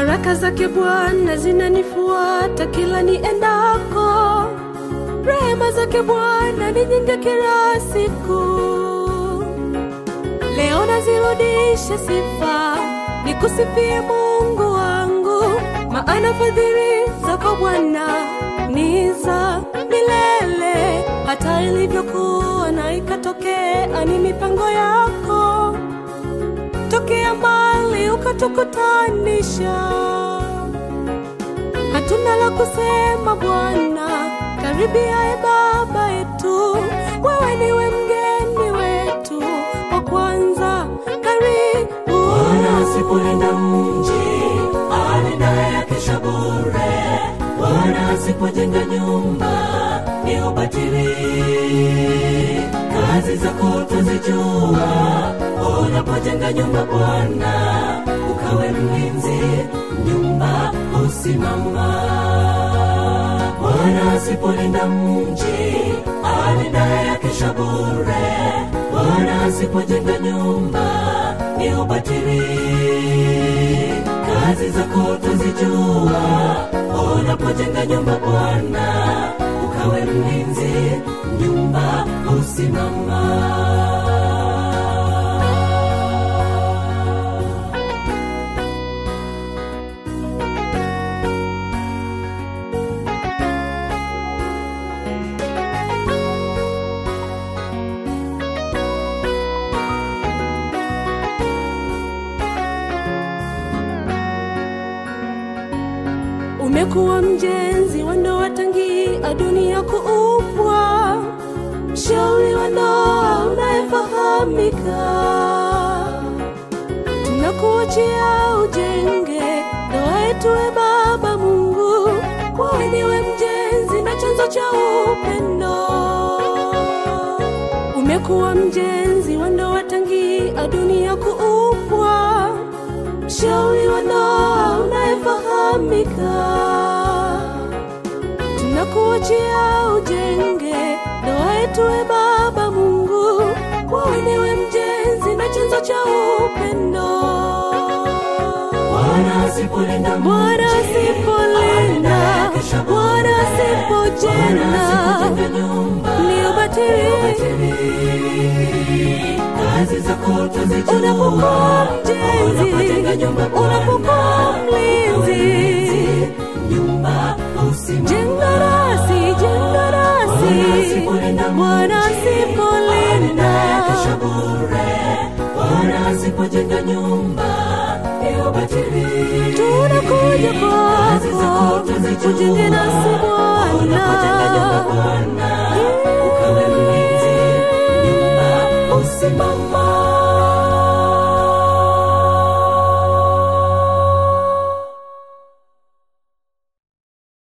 Baraka zake Bwana zinanifuata kila niendako, rehema zake Bwana ni nyingi kila siku. Leo nazirudisha sifa nikusifie Mungu wangu, maana fadhili zako Bwana ni za milele. Hata ilivyokuwa na ikatokea, ni mipango yako tokea ukatukutanisha. Hatuna la kusema Bwana, karibia e Baba yetu, wewe niwe mgeni wetu wa kwanza. Karibu Bwana asipoenda mji alendaye akesha bure. Bwana asipojenga nyumba ni ubatili. Kazi zako utazijua unapojenga nyumba Bwana kawe mlinzi nyumba husimama bwana asipolinda mji alinda yakesha bure bwana asipojenga nyumba ni ubatiri kazi za tuzijua unapojenga nyumba bwana ukawe mlinzi nyumba husimama Umekuwa mjenzi wa ndoa tangia dunia kuupwa mshauri wa ndoa unayefahamika. Tunakuachia ujenge ndoa yetu, e Baba Mungu, kwa wewe mjenzi na chanzo cha upendo. Umekuwa mjenzi wa ndoa tangia dunia kuupwa mshauri wa ndoa unayefahamika tuachia ujenge ndoa yetu, e Baba Mungu, wewe mjenzi na chanzo cha upendo. Bwana asipolinda, Bwana asipolinda, Bwana asipojenga, mjenzi nyumba ya ubatili. Tunakuja kwako kujinginasi Bwana.